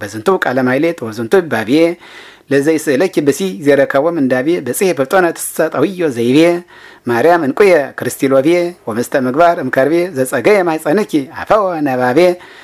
በዝንቱ ቃለ ማይሌት ወዝንቱ ባብዬ ለዘይ ስእለኪ ብሲ ዘረከቦም እንዳቤ በጽሔ በብጦነ ትሰጠውዮ ዘይቤ ማርያም እንቁየ ክርስቲሎቤ ወመስተ ምግባር እምከርቤ ዘጸገየ ማይጸንኪ አፈወ ነባቤ